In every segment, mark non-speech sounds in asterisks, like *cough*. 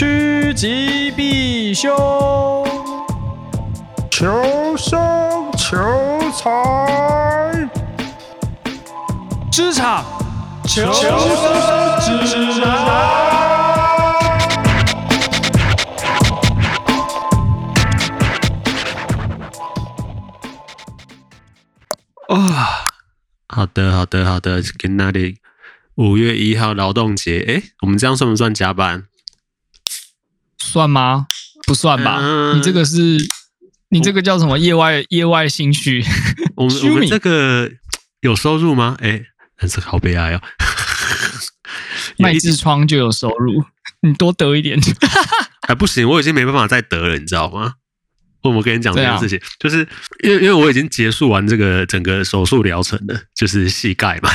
趨吉避凶求求求求求求，求生求財，職場求生指南。啊，好的，好的，好的，跟那裡五月一號勞動節，誒，我們這樣算不算加班？算嗎？不算吧、呃。你這個是，你這個叫什麼？業外業外興趣我。我們這個有收入嗎？哎、欸，真、這、是、個、好悲哀哦、喔。賣痔瘡就有收入有，你多得一點。還不行，我已經沒辦法再得了，你知道嗎？我我跟你講這件事情，就是因為因為我已經結束完這個整個手術療程了，就是膝蓋嘛，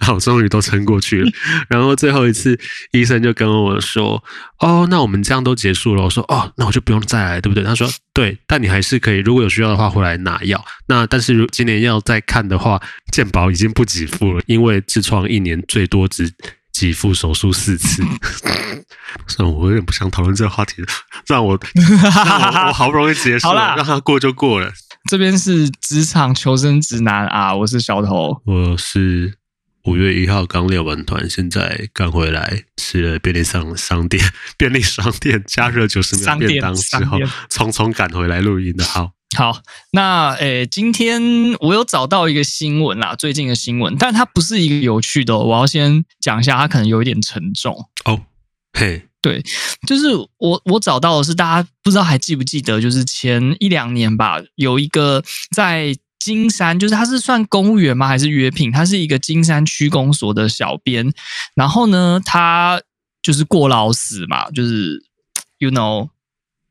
然後終於都撐過去了。 *laughs* 然後最後一次醫生就跟我說：“哦，那我們這樣都結束了。”我說：“哦，那我就不用再來，對不對？”他說：“對，但你還是可以如果有需要的話回來拿藥。那但是如今年要再看的話，健保已經不給付了，因為痔瘡一年最多只。”幾副手術四次， *laughs* 算，我有點不想討論這個話題，讓我讓我我好不容易結束了，讓他過就過了。這邊是職場求生指南啊，我是小頭，我是五月一號剛練完團，現在趕回來，吃了便利商商店便利商店加熱九十秒便當之後，匆匆趕回來錄音的。好。好，那誒，今天我有找到一個新聞啦，最近的新聞，但它不是一個有趣的、哦，我要先講一下，它可能有一點沉重哦。嘿、oh, hey.，對，就是我我找到的是大家不知道還記不記得，就是前一兩年吧，有一個在金山，就是他是算公務員嗎，還是約聘？他是一個金山區公所的小編，然後呢，他就是過勞死嘛，就是 you know。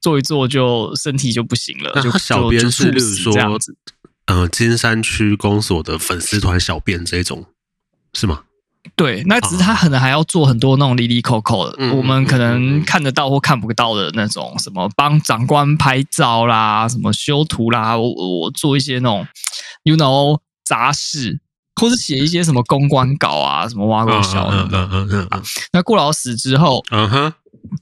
做一做就身體就不行了。那他小編是，就是說，呃，金山區公所的粉絲團小編這種是嗎？對，uh -huh. 那只是他可能還要做很多那種哩哩扣扣的，嗯，我們可能看得到或看不到的那種，嗯嗯嗯，什麼，幫長官拍照啦，什麼修圖啦，我我做一些那種，you know，雜事，或是寫一些什麼公關稿啊，uh -huh. 什麼挖溝銷嗯嗯嗯，那顧老死之後，嗯哼。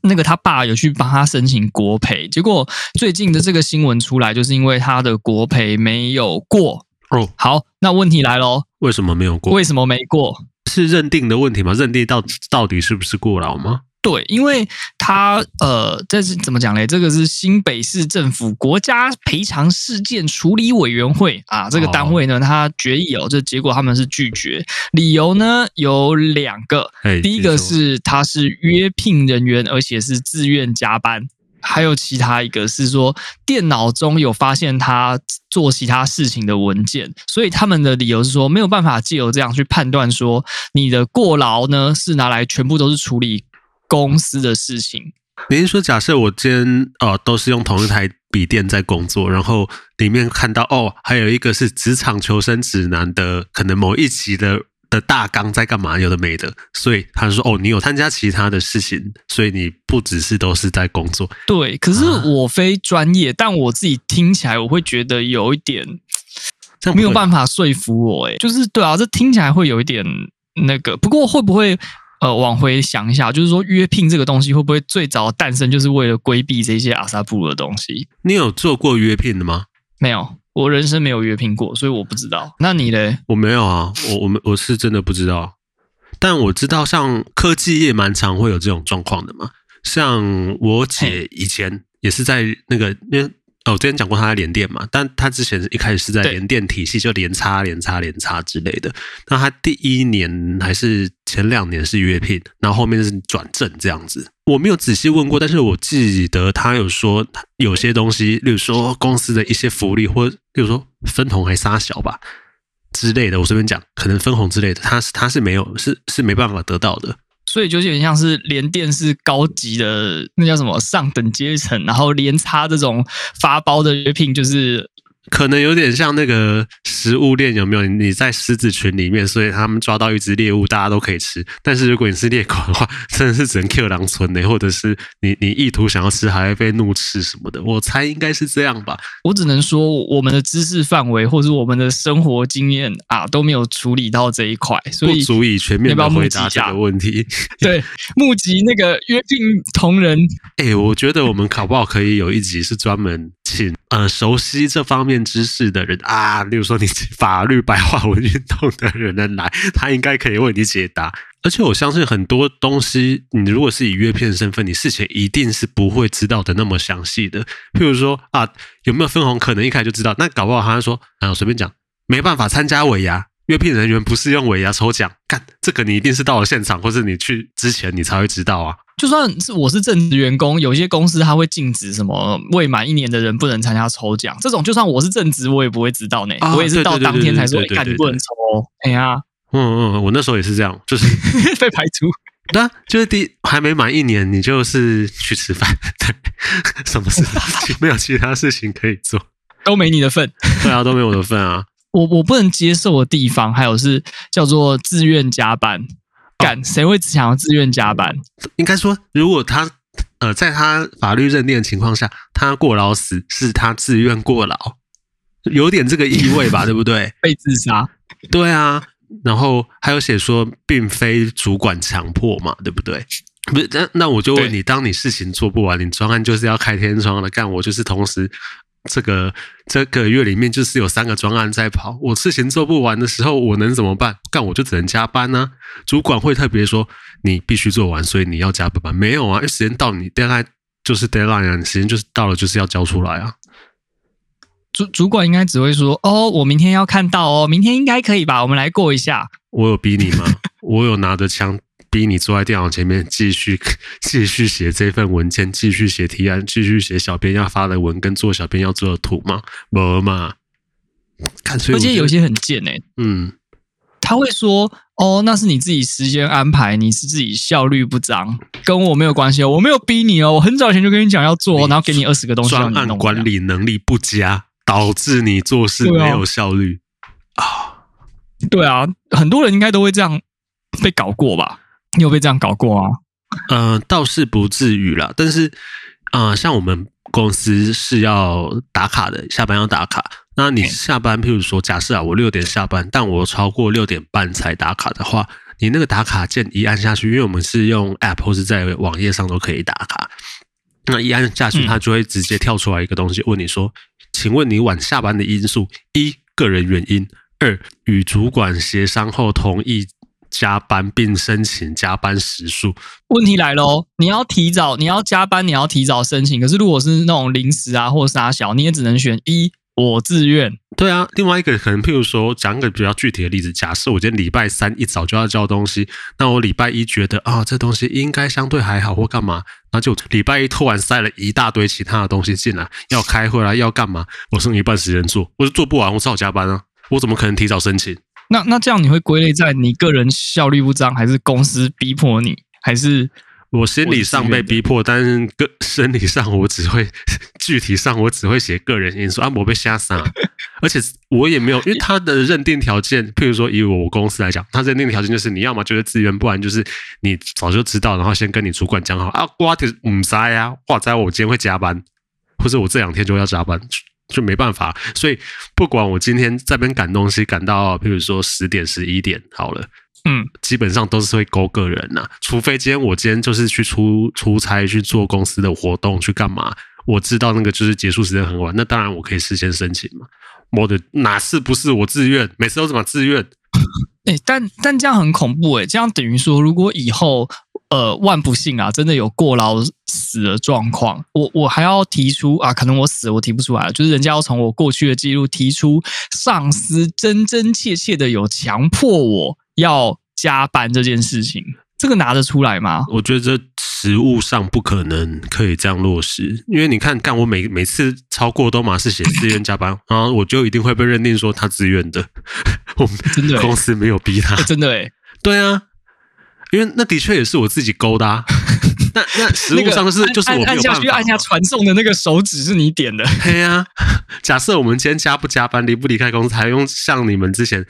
那個他爸有去幫他申請國賠，結果最近的這個新聞出來，就是因為他的國賠沒有過。哦，好，那問題來嘍，為什麼沒有過？為什麼沒過？是認定的問題嗎？認定到底到底是不是過勞嗎？對，因為他呃，這是怎麼講嘞？這個是新北市政府國家賠償事件處理委員會啊，這個單位呢，oh. 他決議哦，這結果他們是拒絕，理由呢有兩個，hey, 第一個是他是約聘人員，oh. 而且是自願加班，還有其他一個是說電腦中有發現他做其他事情的文件，所以他們的理由是說沒有辦法借由這樣去判斷說你的過勞呢是拿來全部都是處理。公司的事情，您說假設我今天呃都是用同一台筆電在工作，然後裡面看到哦，還有一個是《職場求生指南》的可能某一集的的大綱在幹嘛，有的沒的，所以他說哦，你有參加其他的事情，所以你不只是都是在工作。對，可是我非專業、啊，但我自己聽起來我會覺得有一點沒有辦法說服我、欸，哎，就是對啊，這聽起來會有一點那個，不過會不會？呃，往回想一下，就是說約聘這個東西會不會最早誕生就是為了規避這些阿薩布魯的東西？你有做過約聘的嗎？沒有，我人生沒有約聘過，所以我不知道。那你嘞？我沒有啊，我我們我是真的不知道。但我知道，像科技業蠻常會有這種狀況的嘛。像我姐以前也是在那個那。哦，我之前講過他在聯電嘛，但他之前一開始是在聯電體系，就連插連插連插之類的。那他第一年還是前兩年是約聘，然後後面是轉正這樣子。我沒有仔細問過，但是我記得他有說有些東西，例如說公司的一些福利，或例如說分紅還殺小吧之類的。我這邊講，可能分紅之類的，他是他是沒有，是是沒辦法得到的。所以就有點像是連電視高級的，那叫什麼上等階層，然後連插這種發包的約聘就是。可能有點像那個食物鏈，有沒有？你在獅子群裡面，所以他們抓到一只獵物，大家都可以吃。但是如果你是獵狗的話，真的是只能 Q 狼存呢，欸，或者是你你意圖想要吃，還會被怒斥什麼的。我猜應該是這樣吧。我只能說，我們的知識範圍或者我們的生活經驗啊，都沒有處理到這一塊，所以不足以全面的回答這個問題。對，募集那個約聘同仁。哎、 *laughs* 欸，我覺得我們搞不好可以有一集是專門請呃熟悉這方面。變知識的人啊，例如說你法律白話文運動的人呢，來，他應該可以為你解答。而且我相信很多東西，你如果是以約聘身份，你事前一定是不會知道的那麼詳細的。譬如說啊，有沒有分紅，可能一開始就知道，那搞不好他會說，嗯、啊，我隨便講，沒辦法參加尾牙，約聘人員不是用尾牙抽獎，幹這個你一定是到了現場，或者你去之前你才會知道啊。就算是我是正職員工，有一些公司他會禁止什麼未滿一年的人不能參加抽獎。這種，就算我是正職，我也不會知道呢、欸啊。我也是到當天才說，看，你不能抽、哦。哎呀、啊，嗯嗯，我那時候也是這樣，就是 *laughs* 被排除。那就是第還沒滿一年，你就是去吃飯，對，什麼事情沒有其他事情可以做，都沒你的份。對啊，都沒我的份啊。 *laughs* 我我不能接受的地方，還有是叫做自願加班。誰會只想要自願加班？應該說，如果他呃，在他法律認定的情況下，他過勞死是他自願過勞，有點這個意味吧， *laughs* 對不對？被自殺，對啊。然後還有寫說，並非主管強迫嘛，對不對？不是，那那我就問你，當你事情做不完，你專案就是要開天窗了，幹我就是同時。這個這個月裡面就是有三個專案在跑，我事情做不完的時候，我能怎麼辦？幹我就只能加班呢、啊。主管會特別說，你必須做完，所以你要加班吧？沒有啊，因為時間到你，就是啊，你 deadline 就是 deadline 啊，你時間就是到了，就是要交出來啊。主主管應該只會說，哦，我明天要看到哦，明天應該可以吧？我們來過一下。我有逼你嗎？ *laughs* 我有拿着槍？逼你坐在電腦前面繼續繼續寫這份文件，繼續寫提案，繼續寫小編要發的文跟做小編要做的圖嗎？不嘛，看所以我覺得有些很賤哎、欸，嗯，他會說：“哦，那是你自己時間安排，你是自己效率不彰，跟我沒有關係，哦，我沒有逼你哦。”我很早前就跟你講要做，然後給你二十個東西。專案管理能力不佳，導致你做事沒有效率啊,啊。對啊，很多人應該都會這樣被搞過吧。你有被這樣搞過啊？嗯、呃，倒是不至於啦。但是，啊、呃，像我們公司是要打卡的，下班要打卡。那你下班，譬如說，假設啊，我六點下班，但我超過六點半才打卡的話，你那個打卡鍵一按下去，因為我們是用 App 或者在網頁上都可以打卡，那一按下去，它就會直接跳出來一個東西，問你說、嗯：“請問你晚下班的因素？一，個人原因；二，與主管協商後同意。”加班並申請加班時數，問題來嘍哦！你要提早，你要加班，你要提早申請。可是如果是那種臨時啊或者啥小，你也只能選一，我自願。對啊，另外一個可能，譬如說，講個比較具體的例子，假設我今天禮拜三一早就要交東西，那我禮拜一覺得啊，這東西應該相對還好或幹嘛，那就禮拜一突然塞了一大堆其他的東西進來，要開會啊，要幹嘛？我剩一半時間做，我就做不完，我只好加班啊！我怎麼可能提早申請？那那這樣你會歸類在你個人效率不彰，還是公司逼迫你？還是我，是我心理上被逼迫，但是個生理上我只會具體上我只會寫個人因素啊，我被嚇傻， *laughs* 而且我也沒有，因為他的認定條件，譬如說以我，我公司來講，他認定條件就是你要麼就是自願，不然就是你早就知道，然後先跟你主管講好啊，瓜子唔栽啊，話齋我今天會加班，或者我這兩天就要加班。就沒辦法，所以不管我今天在這邊趕東西趕到，比如說十點十一點好了，嗯，基本上都是會勾個人吶，除非今天我今天就是去出出差去做公司的活動去幹嘛，我知道那個就是結束時間很晚，那當然我可以事先申請嘛，我的哪次不是我自願，每次都怎麼自願、欸，但但這樣很恐怖哎、欸，這樣等於說如果以後。呃，萬不幸啊，真的有過勞死的狀況。我我還要提出啊，可能我死我提不出來了，就是人家要從我過去的記錄提出，上司真真切切的有強迫我要加班這件事情，這個拿得出來嗎？我覺得這實務上不可能可以這樣落實，因為你看看我每每次超過都馬是寫自願加班， *laughs* 然後我就一定會被認定說他自願的，我 *laughs* 們的、欸、 *laughs* 公司沒有逼他，欸、真的誒、欸、對啊。因為那的確也是我自己勾的、啊，那那實物上就是就是我、那個、按，按，按下去按下傳送的那個手指是你點的，嘿、哎、呀。假設我們今天加不加班，離不離開公司，還用像你們之前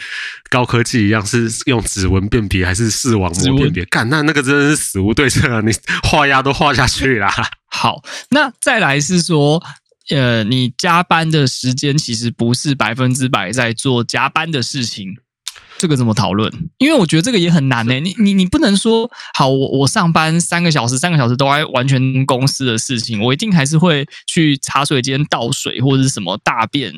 高科技一樣，是用指紋辨別還是視網膜辨別？幹，那那個真的是死無對證啊！你畫押都畫下去啦。好，那再來是說，呃，你加班的時間其實不是百分之百在做加班的事情。這個怎麼討論？因為我覺得這個也很難呢、欸。你你你不能說好，我我上班三個小時，三個小時都愛完全公司的事情，我一定還是會去茶水間倒水或者是什麼大便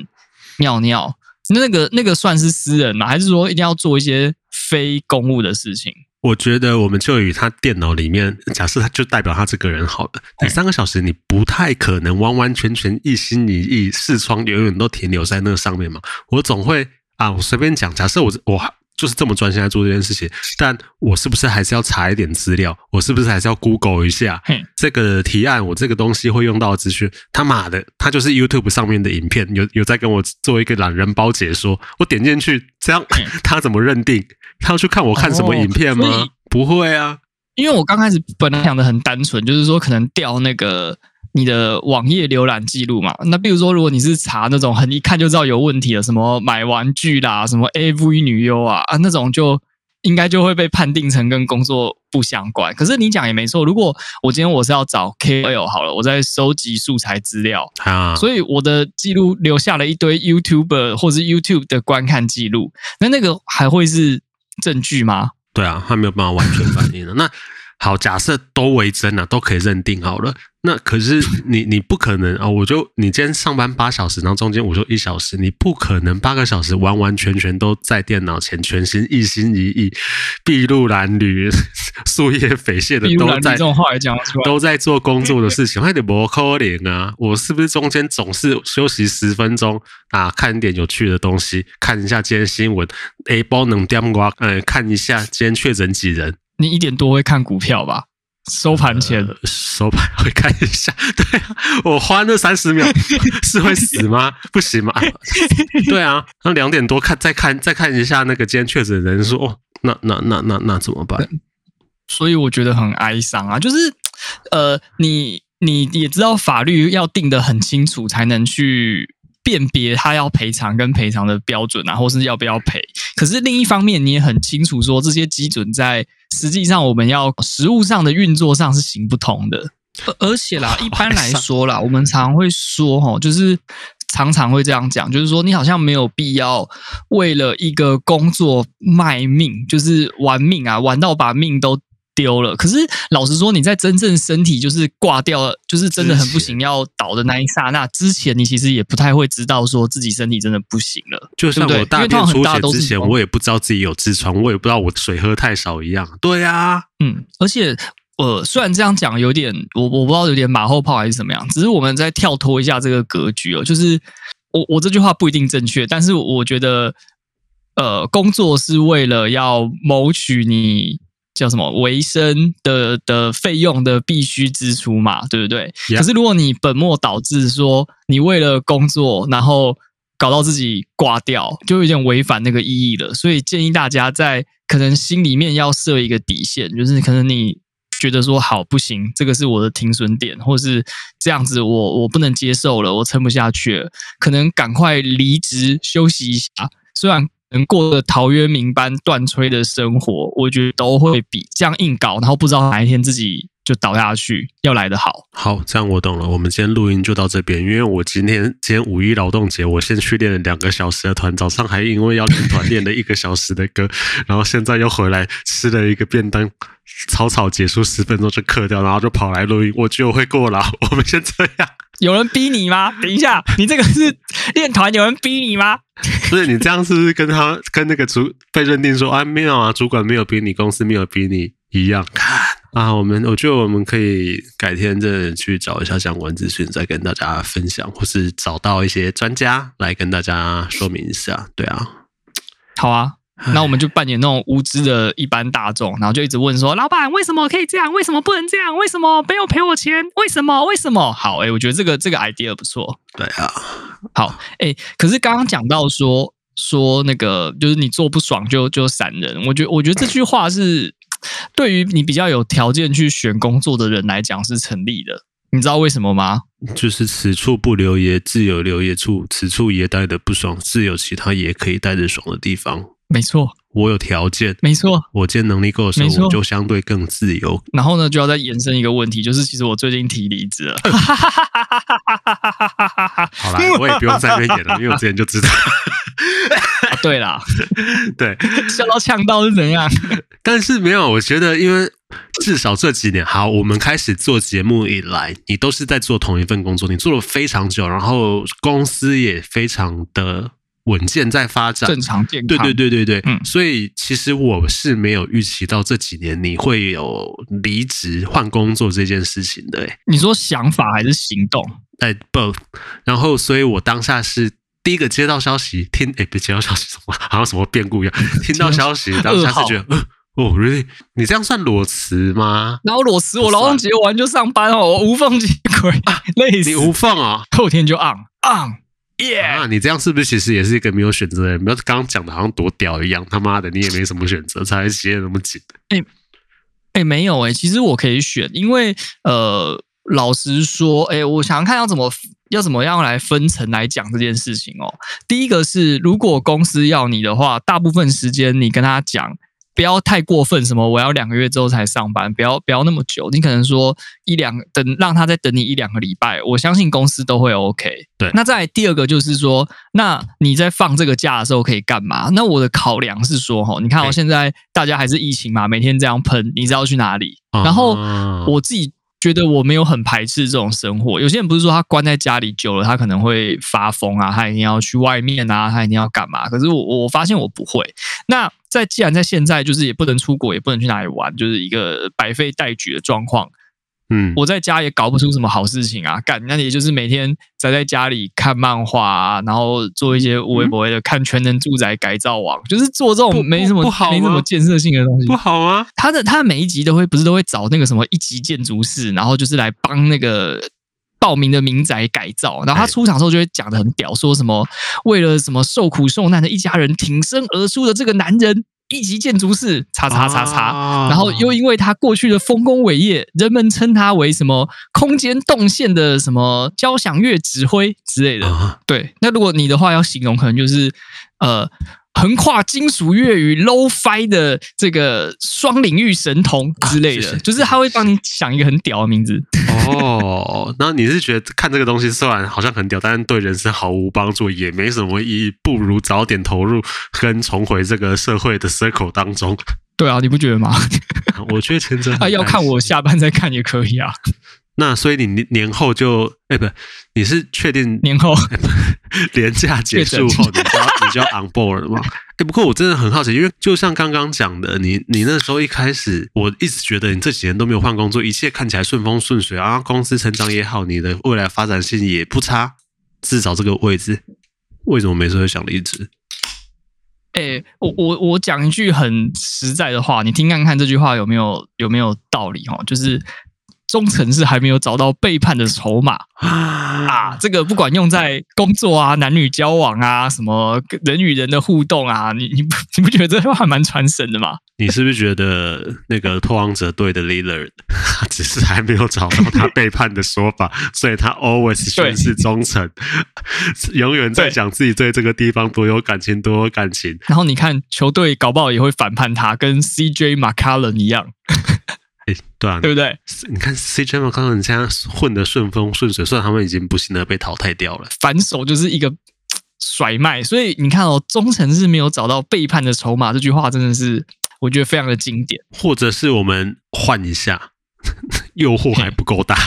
尿尿。那個那個算是私人嗎？還是說一定要做一些非公務的事情？我覺得我們就以他電腦裡面，假設他就代表他這個人好了。你三個小時你不太可能完完全全一心一意，視窗永遠都停留在那上面嘛？我總會。啊、我隨便講，假設我我就是這麼專心在做這件事情，但我是不是還是要查一點資料？我是不是還是要 Google 一下這個提案？我這個東西會用到資訊？他媽的，他就是 YouTube 上面的影片，有有在跟我做一個懶人包解說。我點進去，這樣他怎麼認定？他要去看我看什麼影片嗎？哦、不會啊，因為我剛開始本來想的很單純，就是說可能掉那個。你的網頁瀏覽記錄嘛？那比如說，如果你是查那種很一看就知道有問題的，什麼買玩具啦，什麼 AV 女優啊啊那種，就應該就會被判定成跟工作不相關。可是你講也沒錯，如果我今天我是要找 KOL 好了，我在收集素材資料啊，所以我的記錄留下了一堆 YouTuber 或者是 YouTube 的觀看記錄，那那個還會是證據嗎？ *laughs* 對啊，還沒有辦法完全反映的。那好，假設都為真啊，都可以認定好了。那可是你，你不可能啊、哦！我就你今天上班八小時，然後中間我就一小時，你不可能八個小時完完全全都在電腦前，全心一心一意，篳路藍縷、夙夜匪懈的都在這種話來講，都在做工作的事情。我有點磨口啊！ *laughs* 我是不是中間總是休息十分鐘啊？看點有趣的東西，看一下今天新聞。哎、欸，包能掂瓜？呃，看一下今天確診幾人？你一點多會看股票吧？收盤前，呃，收盤會看一下。對啊，我花那三十秒 *laughs* 是會死嗎？ *laughs* 不行嗎？對啊，那兩點多看，再看，再看一下那個今天確診人數。哦，那那那那那怎麼辦？所以我覺得很哀傷啊，就是呃，你你也知道，法律要定得很清楚，才能去辨別他要賠償跟賠償的標準啊，或是要不要賠。可是另一方面，你也很清楚說這些基準在。實際上，我們要實務上的運作上是行不通的，呃，而且啦，oh, 一般來說啦，oh, 我們常會說、哦，吼， *laughs* 就是常常會這樣講，就是說，你好像沒有必要為了一個工作賣命，就是玩命啊，玩到把命都。丟了。可是老實說，你在真正身體就是掛掉了，就是真的很不行要倒的那一剎那之前，之前你其實也不太會知道說自己身體真的不行了。就像我大便出血之前，我也不知道自己有痔瘡，我也不知道我水喝太少一樣。對啊，嗯，而且呃，雖然這樣講有點，我我不知道有點馬後炮還是怎麼樣。只是我們再跳脫一下這個格局哦，就是我我這句話不一定正確，但是我覺得，呃，工作是為了要謀取你。叫什麼維生的的費用的必須支出嘛，對不對？Yeah. 可是如果你本末倒置，說你為了工作，然後搞到自己掛掉，就有點違反那個意義了。所以建議大家在可能心裡面要設一個底線，就是可能你覺得說好不行，這個是我的停損點，或是這樣子我，我我不能接受了，我撐不下去了，可能趕快離職休息一下。雖然。能過的陶淵明般斷炊的生活，我覺得都會比這樣硬搞，然後不知道哪一天自己就倒下去要來得好。好，這樣我懂了。我們今天錄音就到這邊，因為我今天今天五一勞動節，我先去練了兩個小時的團，早上還因為要練團練了一個小時的歌， *laughs* 然後現在又回來吃了一個便當，草草結束，十分鐘就嗑掉，然後就跑來錄音，我就會過了，我們先這樣。有人逼你嗎？等一下，你這個是練團，有人逼你嗎？ *laughs* 不是你這樣，是不是跟他跟那個主被認定說啊沒有啊，主管沒有逼你，公司沒有逼你一樣啊？我們我覺得我們可以改天再去找一下相關資訊，再跟大家分享，或是找到一些專家來跟大家說明一下。對啊，好啊。那我們就扮演那種無知的一般大眾，然後就一直問說：“老闆，為什麼可以這樣？為什麼不能這樣？為什麼沒有賠我錢？為什麼？為什麼？”好，哎、欸，我覺得這個這個 idea 不錯。對啊，好，哎、欸，可是剛剛講到說說那個，就是你做不爽就就閃人。我覺我覺得這句話是對於你比較有條件去選工作的人來講是成立的。你知道為什麼嗎？就是此處不留爺，自有留爺處。此處也待得不爽，自有其他也可以待得爽的地方。沒錯，我有條件。沒錯，我今天能力夠的時候，我就相對更自由。然後呢，就要再延伸一個問題，就是其實我最近提離職了。嗯、 *laughs* 好啦，我也不用在那邊演了， *laughs* 因為我之前就知道。 *laughs* 啊、對啦。對，對笑到嗆到是怎樣？ *laughs* 但是沒有，我覺得因為至少這幾年，好，我們開始做節目以來，你都是在做同一份工作，你做了非常久，然後公司也非常的。穩健在發展，正常健康。對對對對對，嗯。所以其實我是沒有預期到這幾年你會有離職換工作這件事情的、欸。你說想法還是行動？哎、欸、both。然後，所以我當下是第一個接到消息，聽哎、欸，接到消息什麼？好像什麼變故一樣。聽到消息，當下是覺得， *laughs* 哦，really，你這樣算裸辭嗎？然後裸辭，我勞動節完就上班哦，我無縫接軌啊，累死，你無縫啊，後天就昂昂。耶、yeah. 啊，你這樣是不是其實也是一個沒有選擇？沒有，剛剛講的好像多屌一樣，他媽的，你也沒什麼選擇，才寫那麼緊。哎、欸、哎、欸，沒有、欸、其實我可以選，因為呃，老實說、欸，我想看要怎麼要怎麼樣來分層來講這件事情哦、喔。第一個是，如果公司要你的話，大部分時間你跟他講。不要太過分，什麼我要兩個月之後才上班，不要不要那麼久。你可能說一兩等，讓他再等你一兩個禮拜，我相信公司都會 OK。對，那再來第二個就是說，那你在放這個假的時候可以幹嘛？那我的考量是說，哈，你看我，哦，現在大家還是疫情嘛，每天這樣噴，你知道去哪裡？然後我自己覺得我沒有很排斥這種生活。有些人不是說他關在家裡久了，他可能會發瘋啊，他一定要去外面啊，他一定要幹嘛？可是我我發現我不會。那在既然在現在，就是也不能出國，也不能去哪裡玩，就是一個百廢待舉的狀況。嗯，我在家也搞不出什麼好事情啊，幹，那也就是每天宅在家裡看漫畫啊，然後做一些無微不為的看《全能住宅改造網》，就是做這種沒什麼沒什麼建設性的東西，不好嗎？他的他的每一集都會不是都會找那個什麼一級建築師，然後就是來幫那個。報名的民宅改造，然後他出場的時候就會講得很屌，說什麼為了什麼受苦受難的一家人挺身而出的這個男人一級建築士，叉叉叉叉叉，然後又因為他過去的豐功偉業，人們稱他為什麼空間動線的什麼交響樂指揮之類的。對，那如果你的話要形容，可能就是呃。橫跨金屬樂與 Lo-Fi 的這個雙領域神童之類的，就是他會幫你想一個很屌的名字。哦，那你是覺得看這個東西雖然好像很屌，但對人生毫無幫助，也沒什麼意義，不如早點投入跟重回這個社會的 circle 當中。對啊，你不覺得嗎？ *laughs* *laughs* 啊、我覺得天真，真、啊、要看我下班再看也可以啊。那所以你年後就哎、欸、不，你是確定年後年、欸、假結束後？你 *laughs* 比較 on board 了吧？不過我真的很好奇，因為就像剛剛講的，你你那時候一開始，我一直覺得你這幾年都沒有換工作，一切看起來順風順水啊，公司成長也好，你的未來發展性也不差，至少這個位置，為什麼每次會想離職？哎、欸，我我我講一句很實在的話，你聽看看這句話有沒有有沒有道理哦，就是。忠誠是還沒有找到背叛的籌碼啊，啊！這個不管用在工作啊、男女交往啊、什麼人與人的互動啊，你你不你不覺得這句話還蠻傳神的嗎？你是不是覺得那個拓荒者隊的 Lillard 只是還沒有找到他背叛的說法， *laughs* 所以他 always 宣 *laughs* 誓忠誠，永遠在講自己對這個地方多有感情，多有感情。然後你看球隊搞不好也會反叛他，跟 CJ McCollum 一樣。哎、欸，對啊，對不對？你看 C 圈嘛，剛剛你現在混得順風順水，雖然他們已經不幸的被淘汰掉了，反手就是一個甩賣。所以你看哦，忠誠是沒有找到背叛的籌碼，這句話真的是我覺得非常的經典。或者是我們換一下，誘惑還不夠大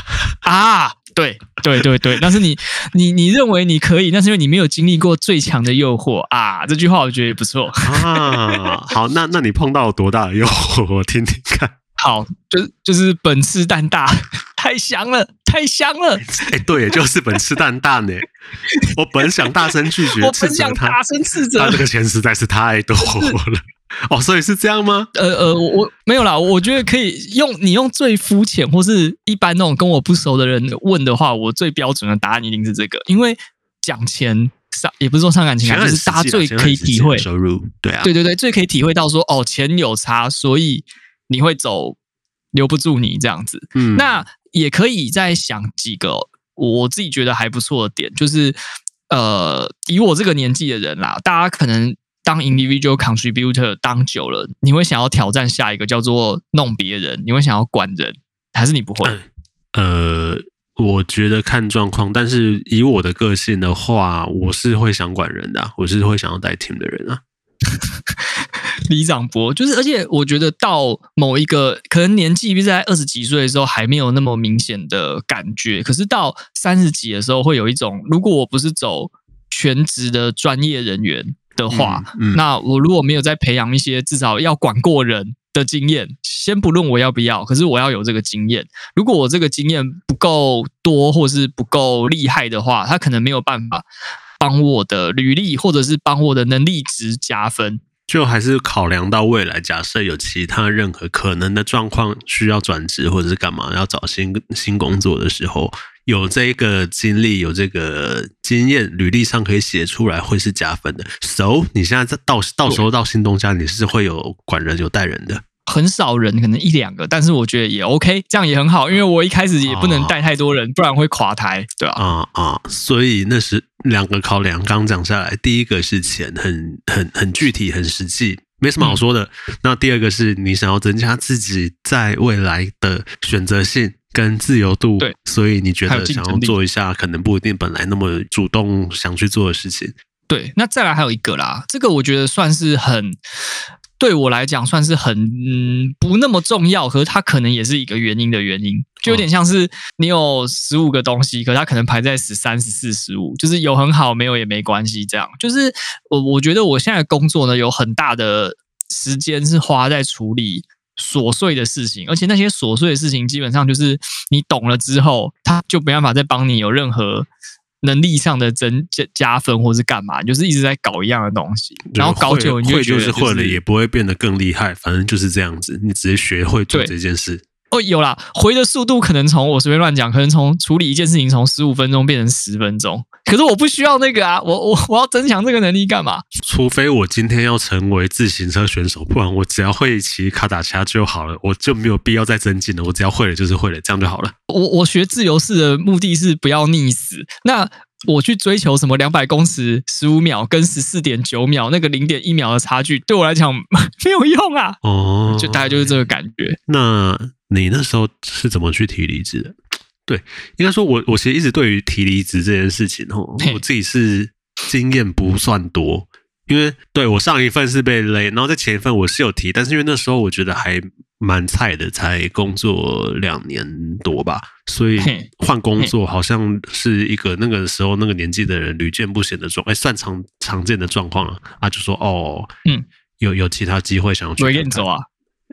*laughs* 啊？對，對對對。但是你你你認為你可以，那是因為你沒有經歷過最強的誘惑啊。這句話我覺得也不錯啊。好，那那你碰到多大的誘惑？我聽聽看。好、oh，就是就是本次蛋大，太香了，太香了！哎、欸，對，就是本次蛋大呢。 *laughs* 我本想大聲拒絕，我本想大聲斥責他，他這個錢實在是太多了、就是。哦，所以是這樣嗎？呃呃，我，我沒有啦。我覺得可以用你用最膚淺或是一般那種跟我不熟的人問的話，我最標準的答案一定是這個，因為講錢也不是說傷感情感啊，就是大家最可以體會收入，啊，對啊，對對對，最可以體會到說哦，錢有差，所以。你會走，留不住你這樣子。嗯，那也可以再想幾個我自己覺得還不錯的點，就是，呃，以我這個年紀的人啦，大家可能當 individual contributor 當久了，你會想要挑戰下一個叫做弄別人，你會想要管人，還是你不會、嗯？呃，我覺得看狀況，但是以我的個性的話，我是會想管人的、啊，我是會想要帶 team 的人啊。 *laughs* 里長伯就是，而且我覺得到某一個可能年紀，比在二十幾歲的時候還沒有那麼明顯的感覺，可是到三十幾的時候會有一種，如果我不是走全職的專業人員的話、嗯嗯，那我如果沒有在培養一些至少要管過人的經驗，先不論我要不要，可是我要有這個經驗。如果我這個經驗不夠多或是不夠厲害的話，他可能沒有辦法幫我的履歷或者是幫我的能力值加分。就還是考量到未來，假設有其他任何可能的狀況需要轉職或者是幹嘛，要找新新工作的時候，有這一個經歷、有這個經驗，履歷上可以寫出來，會是加分的。So，你現在到到時候到新東家，你是會有管人、有帶人的。很少人，可能一兩個，但是我覺得也 OK，這樣也很好，因為我一開始也不能帶太多人，嗯啊，不然會垮台，對啊啊，嗯嗯，所以那是兩個考量。剛講下來，第一個是錢，很很很具體，很實際，沒什麼好說的，嗯。那第二個是你想要增加自己在未來的選擇性跟自由度，對，所以你覺得想要做一下，可能不一定本來那麼主動想去做的事情。對，那再來還有一個啦，這個我覺得算是很。對我來講算是很不那麼重要，可是它可能也是一個原因的原因，就有點像是你有十五個東西，可它可能排在十三、十四、十五，就是有很好，沒有也沒關係。這樣就是我我覺得我現在工作呢，有很大的時間是花在處理瑣碎的事情，而且那些瑣碎的事情基本上就是你懂了之後，它就沒辦法再幫你有任何，能力上的增加加分，或是幹嘛，就是一直在搞一樣的東西，然後搞久你會，會就是會了，也不會變得更厲害，反正就是這樣子，你直接學會做這件事。有啦，回的速度可能從我隨便亂講，可能從處理一件事情從十五分鐘變成十分鐘。可是我不需要那個啊，我我我要增強這個能力幹嘛？除非我今天要成為自行車選手，不然我只要會騎卡達恰就好了，我就沒有必要再增進了。我只要會了就是會了，這樣就好了。我我學自由式的目的是不要溺死。那我去追求什麼兩百公尺十五秒跟十四點九秒那個零點一秒的差距，對我來講沒有用啊。哦，就大概就是這個感覺。那你那時候是怎麼去提離職的？對，應該說我，我我其實一直對於提離職這件事情，吼，我自己是經驗不算多，因為對我上一份是被勒，然後在前一份我是有提，但是因為那時候我覺得還蠻菜的，才工作兩年多吧，所以換工作好像是一個那個時候那個年紀的人屢見不鮮的狀，哎、欸，算常常見的狀況了啊，啊就說哦，嗯，有有其他機會想要去，我走啊。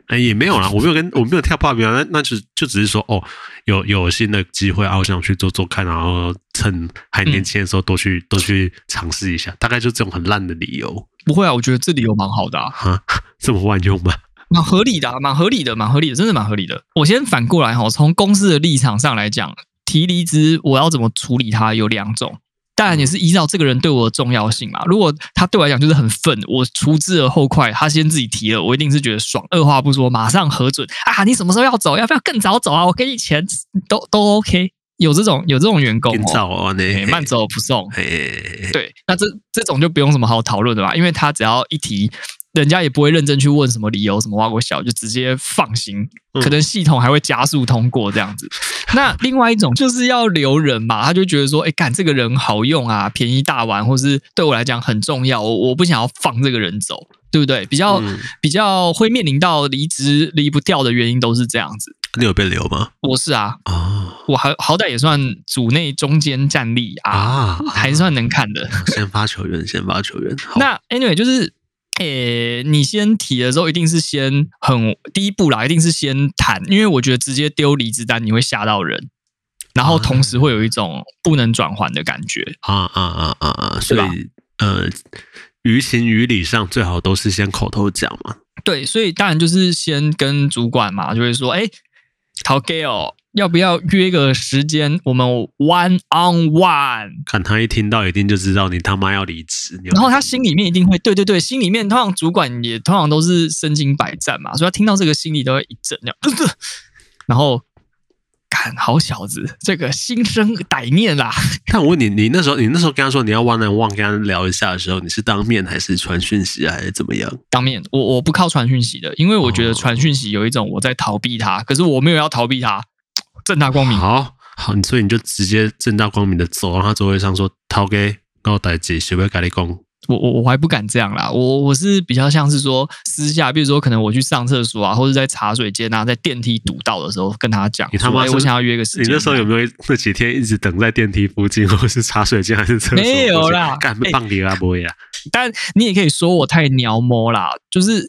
哎，也沒有啦，我沒有跟，我沒有跳拋標，那那就就只是說，哦，有有新的機會，啊，我想去做做看，然後趁還年輕的時候，多去多去嘗試一下，大概就這種很爛的理由。不會啊，我覺得這理由蠻好的啊，哼，這麼萬用吧。蠻合理的啊，蠻合理的，蠻合理的，真的蠻合理的。我先反過來哈、哦，從公司的立場上來講，提離職我要怎麼處理它？有兩種。當然也是依照這個人對我的重要性嘛。如果他對我來講就是很憤，我除之而後快，他先自己提了，我一定是覺得爽，二話不說馬上核准啊！你什麼時候要走？要不要更早走啊？我給你錢都都 OK。有這種有這種員工、哦，更早哦。你、哦嗯、慢走不送。嘿嘿嘿嘿對，那這這種就不用什麼好討論的吧，因為他只要一提。人家也不會認真去問什麼理由，什麼挖過小，就直接放行。可能系統還會加速通過這樣子。嗯、那另外一種就是要留人嘛，他就覺得說，哎、欸，幹這個人好用啊，便宜大碗，或是對我來講很重要，我我不想要放這個人走，對不對？比較、嗯、比較會面臨到離職離不掉的原因都是這樣子。你有被留嗎？我是啊，哦，我還好歹也算組內中間戰力啊，啊還算能看的。先發球員，先發球員。那 anyway 就是。呃、欸，你先提的時候一定是先很第一步啦，一定是先談，因為我覺得直接丟離職單你會嚇到人，然後同時會有一種不能轉換的感覺。啊啊啊啊啊！所以呃，於情於理上最好都是先口頭講嘛。對，所以當然就是先跟主管嘛，就會說，哎、欸，好 OK 哦。要不要約個時間，我們 one on one？看他一聽到一定就知道你他媽要離職。然後他心裡面一定會，對對對，心裡面通常主管也通常都是身經百戰嘛，所以他聽到這個心裡都會一震。 *laughs* 然後，幹，好小子，這個心生歹念啦。但我問你，你那時候你那時候跟他說你要 one on one 跟他聊一下的時候，你是當面還是傳訊息還是怎麼樣？當面，我我不靠傳訊息的，因為我覺得傳訊息有一種我在逃避他，哦，可是我沒有要逃避他。正大光明，好，好，所以你就直接正大光明的走，到他座位上說：“濤哥，跟我待機，會不會咖喱公？”我我我還不敢這樣啦，我我是比較像是說私下，比如說可能我去上廁所啊，或者在茶水間啊，在電梯堵到的時候跟他講：“哎，我想要約個時間。”你那時候有沒有那幾天一直等在電梯附近，或者是茶水間還是廁所？沒有啦，幹、欸，但你也可以說我太鳥摸啦，就是。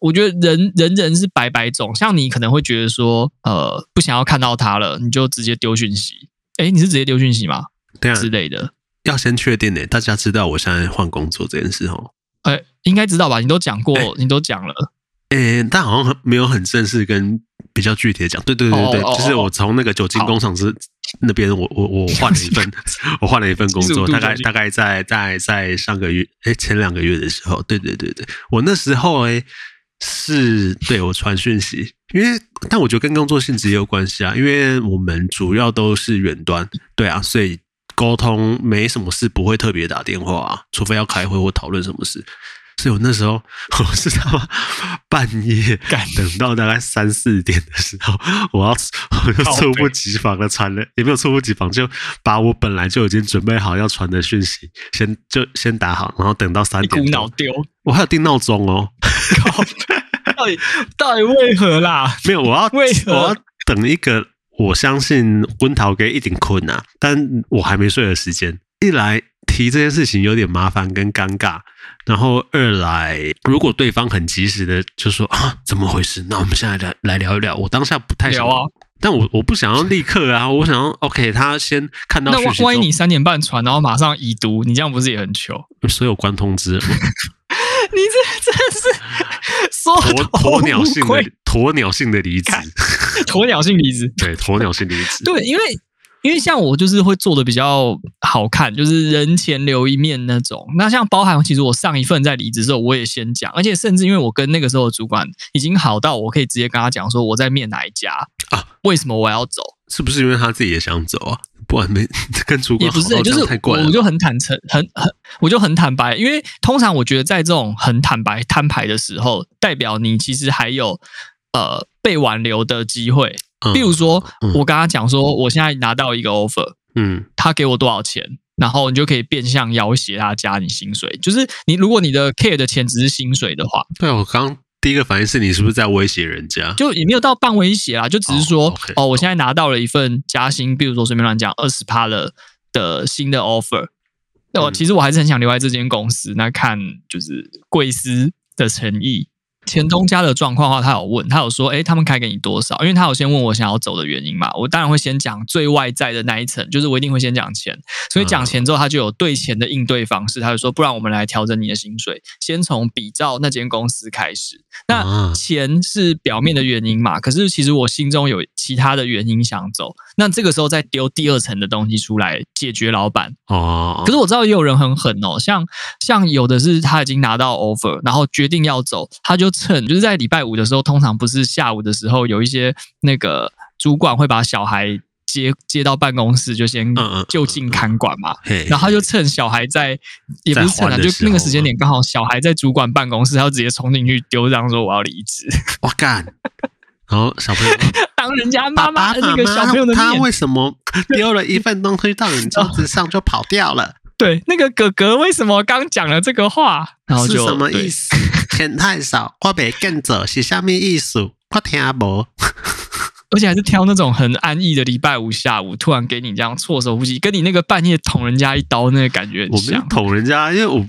我覺得人人人是白白種，像你可能會覺得說，呃，不想要看到他了，你就直接丟訊息。哎、欸，你是直接丟訊息嗎？對啊，之類的。要先確定呢、欸。大家知道我現在換工作這件事哦？哎、欸，應該知道吧？你都講過、欸，你都講了。嗯、欸，但好像很沒有很正式跟比較具體的講。對對對對，對、哦，就是我從那個酒精工廠是、哦、那邊，我我我換了一份， *laughs* 我換了一份工作，大概大概在在在上個月，哎、欸，前兩個月的時候。對對對對，我那時候哎、欸。是對我傳訊息，因為但我覺得跟工作性質也有關係啊，因為我們主要都是遠端，對啊，所以溝通沒什麼事不會特別打電話啊，除非要開會或討論什麼事。所以我那時候我是在半夜，幹等到大概三四點的時候，我要我就猝不及防的傳了，也沒有猝不及防，就把我本來就已經準備好要傳的訊息先就先打好，然後等到三點丟，我還有定鬧鐘哦。搞 *laughs* 到底到底為何啦？沒有，我要為何？我要等一個我相信溫桃哥一定困吶，但我還沒睡的時間。一來提這件事情有點麻煩跟尷尬，然後二來如果對方很及時的就說啊怎麼回事？那我們現在來來聊一聊。我當下不太想啊，但我我不想要立刻啊，我想要 OK，他先看到那。那萬一你三點半傳，然後馬上已讀，你這樣不是也很糗？所有關通知。 *laughs* 你這真的是說鴕鴕鳥性的鴕鳥性的離職，鴕鳥性離職，對，鴕鳥性離職， *laughs* 對，因為因為像我就是會做的比較好看，就是人前留一面那種。那像包含其實我上一份在離職的時候，我也先講，而且甚至因為我跟那個時候的主管已經好到我可以直接跟他講說我在面哪一家啊？為什麼我要走？是不是因為他自己也想走啊？不完美，跟主管好好講太怪了，也不是、欸，就是我就很坦誠，很很，我就很坦白，因為通常我覺得在這種很坦白攤牌的時候，代表你其實還有呃被挽留的機會。比如說，嗯、我跟他講說、嗯，我現在拿到一個 offer，嗯，他給我多少錢，然後你就可以變相要挾他、啊、加你薪水，就是你如果你的 care 的錢只是薪水的話，對我、哦、剛。第一個反應是你是不是在威脅人家？就也沒有到半威脅啊，就只是說，oh, okay. 哦，我現在拿到了一份加薪，比如說隨便亂講二十趴的新的 offer，那、嗯、我其實我還是很想留在這間公司，那看就是貴司的誠意。前東家的狀況的話，他有問他有說，誒、欸，他們開給你多少？因為他有先問我想要走的原因嘛，我當然會先講最外在的那一層，就是我一定會先講錢。所以講錢之後，他就有對錢的應對方式，他就說，不然我們來調整你的薪水，先從比照那間公司開始。那錢是表面的原因嘛，可是其實我心中有其他的原因想走。那這個時候再丟第二層的東西出來解決老闆哦。可是我知道也有人很狠哦，像像有的是他已經拿到 offer，然後決定要走，他就。趁就是在禮拜五的時候，通常不是下午的時候，有一些那個主管會把小孩接接到辦公室，就先就近看管嘛。嗯嗯、嘿嘿然後他就趁小孩在，也不是趁了、啊啊，就那個時間點剛好小孩在主管辦公室，他就直接衝進去丟一張說我要離職。我幹，然後、oh, 小朋友， *laughs* 當人家媽媽的那個小朋友的，爸爸媽媽他為什麼丟了一份東西到你桌子上就跑掉了？ *laughs* 對，那個哥哥為什麼剛講了這個話，然後就什麼意思？錢 *laughs* 太少，我別跟着，是什麼意思？我聽不。而且還是挑那種很安逸的禮拜五下午，突然給你這樣措手不及，跟你那個半夜捅人家一刀那個感覺很像。我捅人家，因為我。